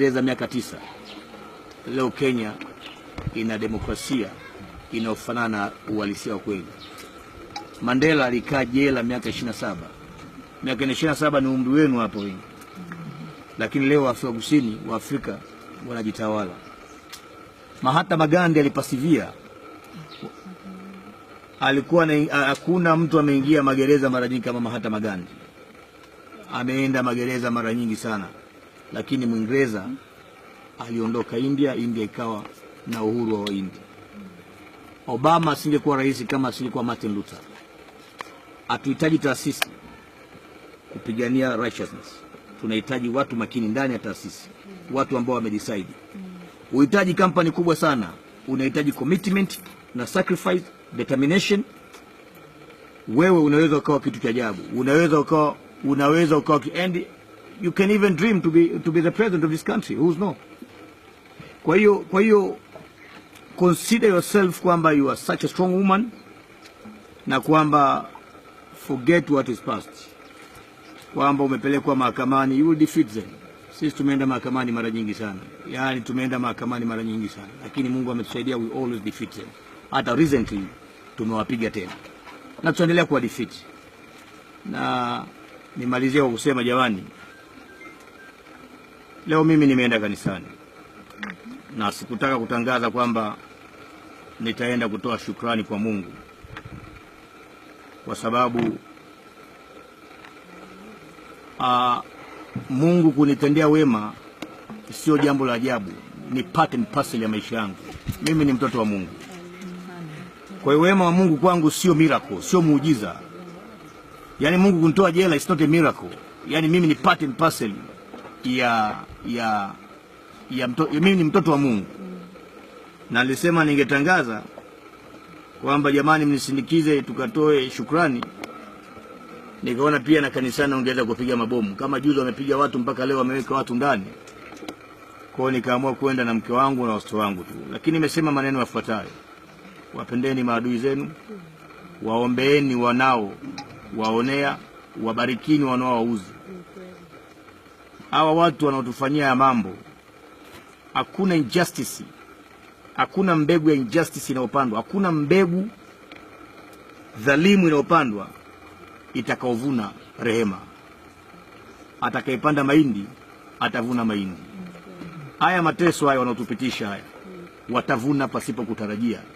Gereza miaka tisa. Leo Kenya ina demokrasia inayofanana na uhalisia wa kweli. Mandela alikaa jela miaka 27. Miaka 27 ni umri wenu hapo wengi, lakini leo Afrika Kusini wa Afrika wanajitawala. Mahatma Gandhi alipasivia, alikuwa hakuna mtu ameingia magereza mara nyingi kama Mahatma Gandhi. Ameenda magereza mara nyingi sana lakini Mwingereza aliondoka India, India ikawa na uhuru wa India. Obama asingekuwa rais kama asingekuwa Martin Luther. Hatuhitaji taasisi kupigania righteousness, tunahitaji watu makini ndani ya taasisi, watu ambao wamedecide. Uhitaji kampani kubwa sana, unahitaji commitment na sacrifice, determination. Wewe unaweza ukawa kitu cha ajabu, unaweza ukawa unaweza ukawa kiendi you can even dream to be, to be the president of this country who's not. Kwa hiyo kwa hiyo consider yourself kwamba you are such a strong woman na kwamba forget what is past, kwamba umepelekwa mahakamani, you will defeat them. Sisi tumeenda mahakamani mara nyingi sana, yani tumeenda mahakamani mara nyingi sana, lakini Mungu ametusaidia, we always defeat them. Hata recently tumewapiga tena na tutaendelea kuwa defeat, na nimalizia kwa kusema jamani, Leo mimi nimeenda kanisani na sikutaka kutangaza kwamba nitaenda kutoa shukrani kwa Mungu kwa sababu a, Mungu kunitendea wema sio jambo la ajabu, ni part and parcel ya maisha yangu. Mimi ni mtoto wa Mungu, kwa hiyo wema wa Mungu kwangu sio miracle, sio muujiza. Yaani Mungu kunitoa jela is not a miracle, yaani mimi ni part and parcel ya ya ya mto, ya mimi ni mtoto wa Mungu na alisema ningetangaza kwamba jamani, mnisindikize tukatoe shukrani. Nikaona pia na kanisani ungeweza kupiga mabomu kama juzi wamepiga watu, mpaka leo wameweka watu ndani. Kwa hiyo nikaamua kwenda na mke wangu na watoto wangu tu, lakini nimesema maneno yafuatayo: wapendeni maadui zenu, waombeeni wanao waonea, wabarikini wanaowauzi hawa watu wanaotufanyia haya mambo, hakuna injustice, hakuna mbegu ya injustice inayopandwa, hakuna mbegu dhalimu inayopandwa itakaovuna rehema. Atakayepanda mahindi atavuna mahindi. Haya mateso haya wanaotupitisha haya watavuna pasipo kutarajia.